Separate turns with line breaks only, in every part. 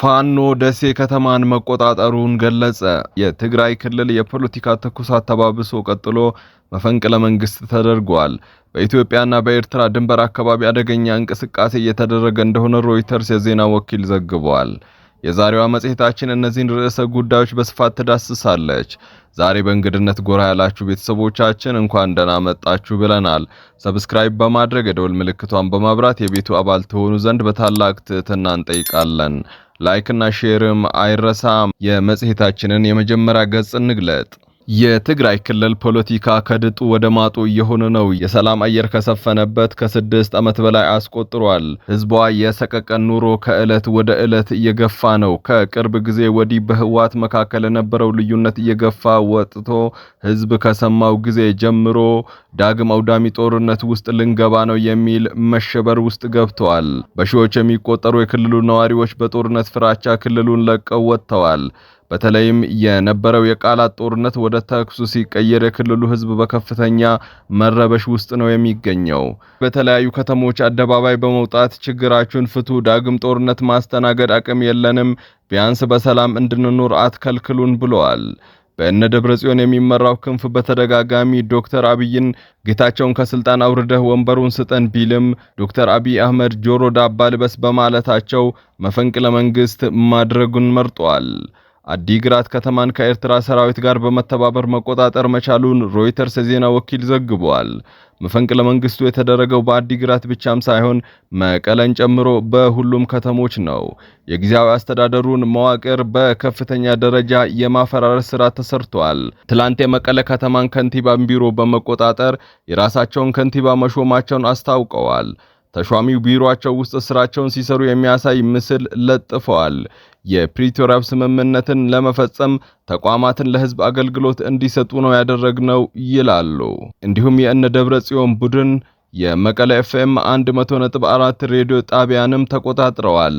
ፋኖ ደሴ ከተማን መቆጣጠሩን ገለጸ። የትግራይ ክልል የፖለቲካ ትኩሳት ተባብሶ ቀጥሎ መፈንቅለ መንግስት ተደርጓል። በኢትዮጵያና በኤርትራ ድንበር አካባቢ አደገኛ እንቅስቃሴ እየተደረገ እንደሆነ ሮይተርስ የዜና ወኪል ዘግቧል። የዛሬዋ መጽሔታችን እነዚህን ርዕሰ ጉዳዮች በስፋት ትዳስሳለች። ዛሬ በእንግድነት ጎራ ያላችሁ ቤተሰቦቻችን እንኳን ደህና መጣችሁ ብለናል። ሰብስክራይብ በማድረግ የደወል ምልክቷን በማብራት የቤቱ አባል ትሆኑ ዘንድ በታላቅ ትህትና እንጠይቃለን። ላይክና ሼርም አይረሳም። የመጽሔታችንን የመጀመሪያ ገጽ እንግለጥ። የትግራይ ክልል ፖለቲካ ከድጡ ወደ ማጡ እየሆነ ነው። የሰላም አየር ከሰፈነበት ከስድስት ዓመት በላይ አስቆጥሯል። ህዝቧ የሰቀቀን ኑሮ ከዕለት ወደ ዕለት እየገፋ ነው። ከቅርብ ጊዜ ወዲህ በህወሓት መካከል የነበረው ልዩነት እየገፋ ወጥቶ ህዝብ ከሰማው ጊዜ ጀምሮ ዳግም አውዳሚ ጦርነት ውስጥ ልንገባ ነው የሚል መሸበር ውስጥ ገብተዋል። በሺዎች የሚቆጠሩ የክልሉ ነዋሪዎች በጦርነት ፍራቻ ክልሉን ለቀው ወጥተዋል። በተለይም የነበረው የቃላት ጦርነት ወደ ተኩሱ ሲቀየር የክልሉ ሕዝብ በከፍተኛ መረበሽ ውስጥ ነው የሚገኘው። በተለያዩ ከተሞች አደባባይ በመውጣት ችግራችሁን ፍቱ፣ ዳግም ጦርነት ማስተናገድ አቅም የለንም፣ ቢያንስ በሰላም እንድንኖር አትከልክሉን ብለዋል። በእነ ደብረ ጽዮን የሚመራው ክንፍ በተደጋጋሚ ዶክተር አብይን ጌታቸውን ከስልጣን አውርደህ ወንበሩን ስጠን ቢልም ዶክተር አብይ አህመድ ጆሮ ዳባ ልበስ በማለታቸው መፈንቅለ መንግስት ማድረጉን መርጧል። አዲግራት ከተማን ከኤርትራ ሰራዊት ጋር በመተባበር መቆጣጠር መቻሉን ሮይተርስ የዜና ወኪል ዘግቧል። መፈንቅለ መንግስቱ የተደረገው በአዲግራት ብቻም ሳይሆን መቀለን ጨምሮ በሁሉም ከተሞች ነው። የጊዜያዊ አስተዳደሩን መዋቅር በከፍተኛ ደረጃ የማፈራረስ ስራ ተሰርቷል። ትላንት የመቀለ ከተማን ከንቲባን ቢሮ በመቆጣጠር የራሳቸውን ከንቲባ መሾማቸውን አስታውቀዋል። ተሿሚው ቢሮቸው ውስጥ ስራቸውን ሲሰሩ የሚያሳይ ምስል ለጥፈዋል። የፕሪቶሪያ ስምምነትን ለመፈጸም ተቋማትን ለህዝብ አገልግሎት እንዲሰጡ ነው ያደረግነው ይላሉ። እንዲሁም የእነ ደብረ ጽዮን ቡድን የመቀለ ኤፍኤም 100.4 ሬዲዮ ጣቢያንም ተቆጣጥረዋል።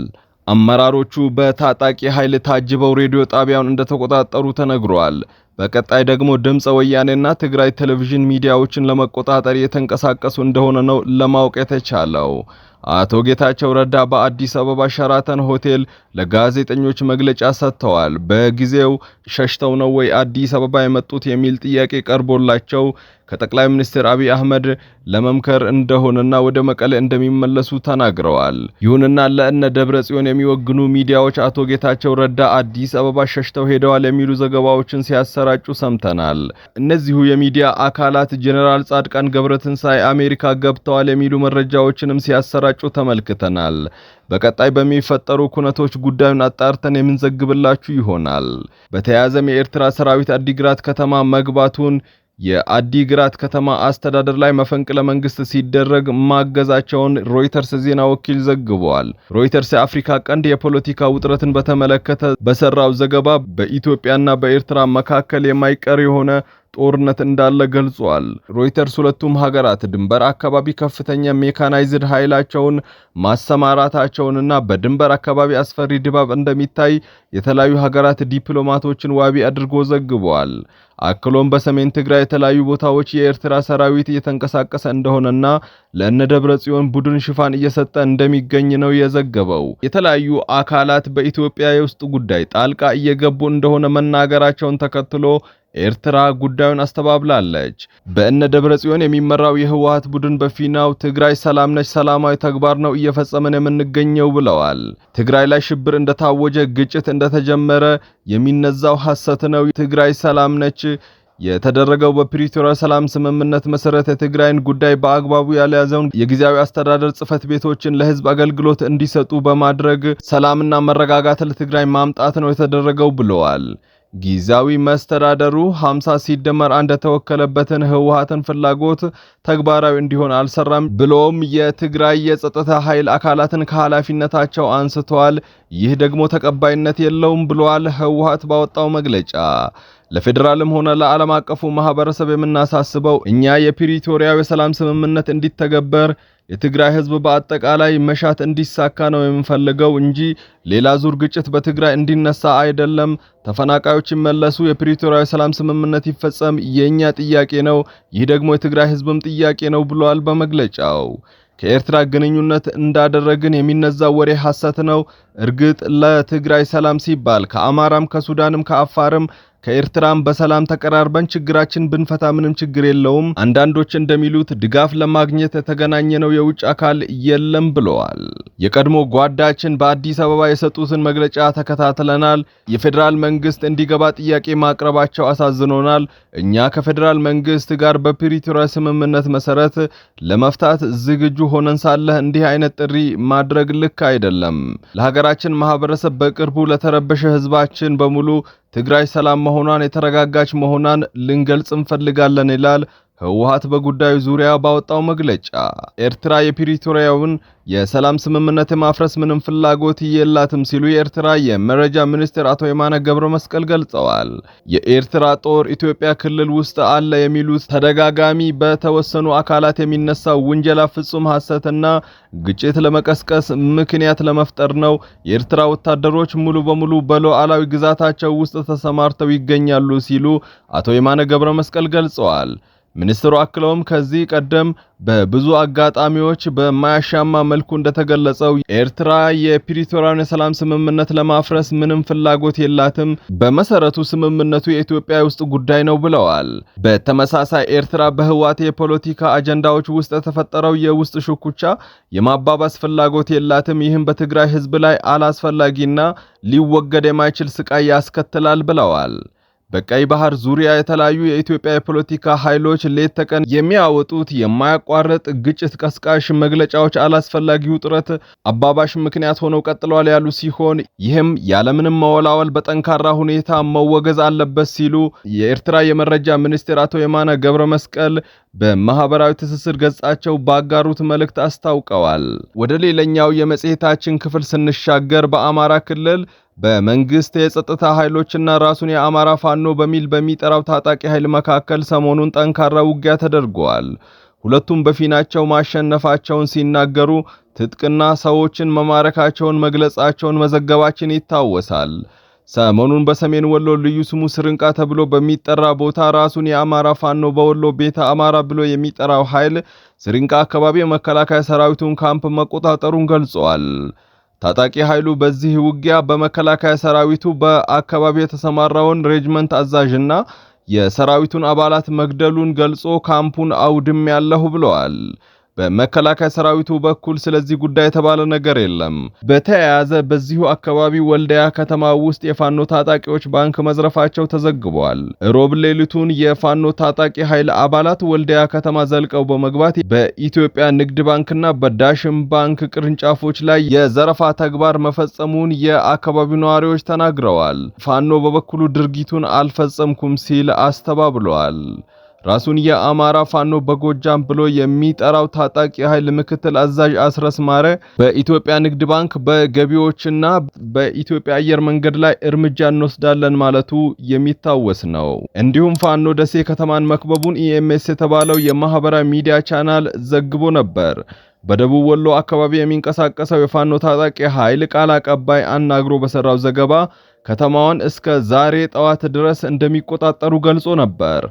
አመራሮቹ በታጣቂ ኃይል ታጅበው ሬዲዮ ጣቢያውን እንደተቆጣጠሩ ተነግሯል። በቀጣይ ደግሞ ድምፀ ወያኔና ትግራይ ቴሌቪዥን ሚዲያዎችን ለመቆጣጠር የተንቀሳቀሱ እንደሆነ ነው ለማወቅ የተቻለው። አቶ ጌታቸው ረዳ በአዲስ አበባ ሸራተን ሆቴል ለጋዜጠኞች መግለጫ ሰጥተዋል። በጊዜው ሸሽተው ነው ወይ አዲስ አበባ የመጡት የሚል ጥያቄ ቀርቦላቸው ከጠቅላይ ሚኒስትር አብይ አህመድ ለመምከር እንደሆነና ወደ መቀሌ እንደሚመለሱ ተናግረዋል። ይሁንና ለእነ ደብረ ጽዮን የሚወግኑ ሚዲያዎች አቶ ጌታቸው ረዳ አዲስ አበባ ሸሽተው ሄደዋል የሚሉ ዘገባዎችን ሲያሰራጩ ሰምተናል። እነዚሁ የሚዲያ አካላት ጄኔራል ጻድቃን ገብረትንሳኤ አሜሪካ ገብተዋል የሚሉ መረጃዎችንም ሲያሰራ ሲያሰራጩ ተመልክተናል። በቀጣይ በሚፈጠሩ ኩነቶች ጉዳዩን አጣርተን የምንዘግብላችሁ ይሆናል። በተያያዘም የኤርትራ ሰራዊት አዲግራት ከተማ መግባቱን የአዲግራት ከተማ አስተዳደር ላይ መፈንቅለ መንግስት ሲደረግ ማገዛቸውን ሮይተርስ ዜና ወኪል ዘግቧል። ሮይተርስ የአፍሪካ ቀንድ የፖለቲካ ውጥረትን በተመለከተ በሰራው ዘገባ በኢትዮጵያና በኤርትራ መካከል የማይቀር የሆነ ጦርነት እንዳለ ገልጿል። ሮይተርስ ሁለቱም ሀገራት ድንበር አካባቢ ከፍተኛ ሜካናይዝድ ኃይላቸውን ማሰማራታቸውንና በድንበር አካባቢ አስፈሪ ድባብ እንደሚታይ የተለያዩ ሀገራት ዲፕሎማቶችን ዋቢ አድርጎ ዘግቧል። አክሎም በሰሜን ትግራይ የተለያዩ ቦታዎች የኤርትራ ሰራዊት እየተንቀሳቀሰ እንደሆነና ለእነደብረ ጽዮን ቡድን ሽፋን እየሰጠ እንደሚገኝ ነው የዘገበው። የተለያዩ አካላት በኢትዮጵያ የውስጥ ጉዳይ ጣልቃ እየገቡ እንደሆነ መናገራቸውን ተከትሎ ኤርትራ ጉዳዩን አስተባብላለች። በእነ ደብረ ጽዮን የሚመራው የህወሓት ቡድን በፊናው ትግራይ ሰላም ነች፣ ሰላማዊ ተግባር ነው እየፈጸመን የምንገኘው ብለዋል። ትግራይ ላይ ሽብር እንደታወጀ፣ ግጭት እንደተጀመረ የሚነዛው ሐሰት ነው። ትግራይ ሰላም ነች የተደረገው በፕሪቶሪያ ሰላም ስምምነት መሰረት የትግራይን ጉዳይ በአግባቡ ያልያዘውን የጊዜያዊ አስተዳደር ጽፈት ቤቶችን ለህዝብ አገልግሎት እንዲሰጡ በማድረግ ሰላምና መረጋጋት ለትግራይ ማምጣት ነው የተደረገው ብለዋል። ጊዜያዊ መስተዳደሩ 50 ሲደመር አንድ የተወከለበትን ህወሓትን ፍላጎት ተግባራዊ እንዲሆን አልሰራም፣ ብሎም የትግራይ የጸጥታ ኃይል አካላትን ከኃላፊነታቸው አንስተዋል። ይህ ደግሞ ተቀባይነት የለውም ብለዋል። ህወሓት ባወጣው መግለጫ ለፌዴራልም ሆነ ለዓለም አቀፉ ማህበረሰብ የምናሳስበው እኛ የፕሪቶሪያው የሰላም ስምምነት እንዲተገበር የትግራይ ህዝብ በአጠቃላይ መሻት እንዲሳካ ነው የምንፈልገው እንጂ ሌላ ዙር ግጭት በትግራይ እንዲነሳ አይደለም። ተፈናቃዮች ይመለሱ፣ የፕሪቶሪያ ሰላም ስምምነት ይፈጸም የኛ ጥያቄ ነው። ይህ ደግሞ የትግራይ ህዝብም ጥያቄ ነው ብሏል በመግለጫው። ከኤርትራ ግንኙነት እንዳደረግን የሚነዛ ወሬ ሐሰት ነው። እርግጥ ለትግራይ ሰላም ሲባል ከአማራም ከሱዳንም ከአፋርም ከኤርትራም በሰላም ተቀራርበን ችግራችን ብንፈታ ምንም ችግር የለውም። አንዳንዶች እንደሚሉት ድጋፍ ለማግኘት የተገናኘነው የውጭ አካል የለም ብለዋል። የቀድሞ ጓዳችን በአዲስ አበባ የሰጡትን መግለጫ ተከታትለናል። የፌዴራል መንግስት እንዲገባ ጥያቄ ማቅረባቸው አሳዝኖናል። እኛ ከፌዴራል መንግስት ጋር በፕሪቶሪያ ስምምነት መሰረት ለመፍታት ዝግጁ ሆነን ሳለህ እንዲህ አይነት ጥሪ ማድረግ ልክ አይደለም። ለሀገራችን ማህበረሰብ በቅርቡ ለተረበሸ ህዝባችን በሙሉ ትግራይ ሰላም መሆኗን የተረጋጋች መሆኗን ልንገልጽ እንፈልጋለን ይላል ህወሓት በጉዳዩ ዙሪያ ባወጣው መግለጫ ኤርትራ የፕሪቶሪያውን የሰላም ስምምነት የማፍረስ ምንም ፍላጎት የላትም ሲሉ የኤርትራ የመረጃ ሚኒስትር አቶ የማነ ገብረ መስቀል ገልጸዋል። የኤርትራ ጦር ኢትዮጵያ ክልል ውስጥ አለ የሚሉት ተደጋጋሚ በተወሰኑ አካላት የሚነሳው ውንጀላ ፍጹም ሐሰትና ግጭት ለመቀስቀስ ምክንያት ለመፍጠር ነው። የኤርትራ ወታደሮች ሙሉ በሙሉ በሉዓላዊ ግዛታቸው ውስጥ ተሰማርተው ይገኛሉ ሲሉ አቶ የማነ ገብረ መስቀል ገልጸዋል። ሚኒስትሩ አክለውም ከዚህ ቀደም በብዙ አጋጣሚዎች በማያሻማ መልኩ እንደተገለጸው ኤርትራ የፕሪቶሪያን የሰላም ስምምነት ለማፍረስ ምንም ፍላጎት የላትም፣ በመሰረቱ ስምምነቱ የኢትዮጵያ ውስጥ ጉዳይ ነው ብለዋል። በተመሳሳይ ኤርትራ በህዋት የፖለቲካ አጀንዳዎች ውስጥ የተፈጠረው የውስጥ ሽኩቻ የማባባስ ፍላጎት የላትም፣ ይህም በትግራይ ህዝብ ላይ አላስፈላጊና ሊወገድ የማይችል ስቃይ ያስከትላል ብለዋል። በቀይ ባህር ዙሪያ የተለያዩ የኢትዮጵያ የፖለቲካ ኃይሎች ሌት ተቀን የሚያወጡት የማያቋርጥ ግጭት ቀስቃሽ መግለጫዎች አላስፈላጊው ውጥረት አባባሽ ምክንያት ሆነው ቀጥለዋል ያሉ ሲሆን ይህም ያለምንም መወላወል በጠንካራ ሁኔታ መወገዝ አለበት ሲሉ የኤርትራ የመረጃ ሚኒስቴር አቶ የማነ ገብረ መስቀል በማህበራዊ ትስስር ገጻቸው ባጋሩት መልእክት አስታውቀዋል። ወደ ሌላኛው የመጽሔታችን ክፍል ስንሻገር በአማራ ክልል በመንግስት የጸጥታ ኃይሎችና ራሱን የአማራ ፋኖ በሚል በሚጠራው ታጣቂ ኃይል መካከል ሰሞኑን ጠንካራ ውጊያ ተደርጓል። ሁለቱም በፊናቸው ማሸነፋቸውን ሲናገሩ ትጥቅና ሰዎችን መማረካቸውን መግለጻቸውን መዘገባችን ይታወሳል። ሰሞኑን በሰሜን ወሎ ልዩ ስሙ ስርንቃ ተብሎ በሚጠራ ቦታ ራሱን የአማራ ፋኖ በወሎ ቤተ አማራ ብሎ የሚጠራው ኃይል ስርንቃ አካባቢ የመከላከያ ሰራዊቱን ካምፕ መቆጣጠሩን ገልጿል። ታጣቂ ኃይሉ በዚህ ውጊያ በመከላከያ ሰራዊቱ በአካባቢ የተሰማራውን ሬጅመንት አዛዥና የሰራዊቱን አባላት መግደሉን ገልጾ ካምፑን አውድም ያለሁ ብለዋል። በመከላከያ ሰራዊቱ በኩል ስለዚህ ጉዳይ የተባለ ነገር የለም። በተያያዘ በዚሁ አካባቢ ወልዳያ ከተማ ውስጥ የፋኖ ታጣቂዎች ባንክ መዝረፋቸው ተዘግቧል። ሮብ ሌሊቱን የፋኖ ታጣቂ ኃይል አባላት ወልዳያ ከተማ ዘልቀው በመግባት በኢትዮጵያ ንግድ ባንክና በዳሽን ባንክ ቅርንጫፎች ላይ የዘረፋ ተግባር መፈጸሙን የአካባቢው ነዋሪዎች ተናግረዋል። ፋኖ በበኩሉ ድርጊቱን አልፈጸምኩም ሲል አስተባብለዋል። ራሱን የአማራ ፋኖ በጎጃም ብሎ የሚጠራው ታጣቂ ኃይል ምክትል አዛዥ አስረስ ማረ በኢትዮጵያ ንግድ ባንክ በገቢዎችና በኢትዮጵያ አየር መንገድ ላይ እርምጃ እንወስዳለን ማለቱ የሚታወስ ነው። እንዲሁም ፋኖ ደሴ ከተማን መክበቡን ኢኤምኤስ የተባለው የማህበራዊ ሚዲያ ቻናል ዘግቦ ነበር። በደቡብ ወሎ አካባቢ የሚንቀሳቀሰው የፋኖ ታጣቂ ኃይል ቃል አቀባይ አናግሮ በሰራው ዘገባ ከተማዋን እስከ ዛሬ ጠዋት ድረስ እንደሚቆጣጠሩ ገልጾ ነበር።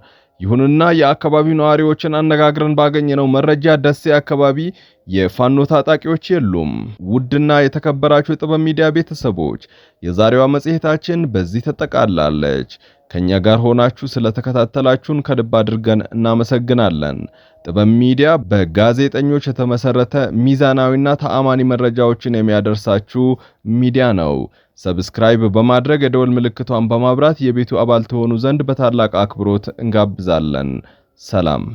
ይሁንና የአካባቢው ነዋሪዎችን አነጋግረን ባገኘነው መረጃ ደሴ አካባቢ የፋኖ ታጣቂዎች የሉም። ውድና የተከበራችሁ የጥበብ ሚዲያ ቤተሰቦች የዛሬዋ መጽሔታችን በዚህ ተጠቃላለች። ከኛ ጋር ሆናችሁ ስለተከታተላችሁን ከልብ አድርገን እናመሰግናለን። ጥበብ ሚዲያ በጋዜጠኞች የተመሰረተ ሚዛናዊና ተአማኒ መረጃዎችን የሚያደርሳችሁ ሚዲያ ነው። ሰብስክራይብ በማድረግ የደወል ምልክቷን በማብራት የቤቱ አባል ትሆኑ ዘንድ በታላቅ አክብሮት እንጋብዛለን። ሰላም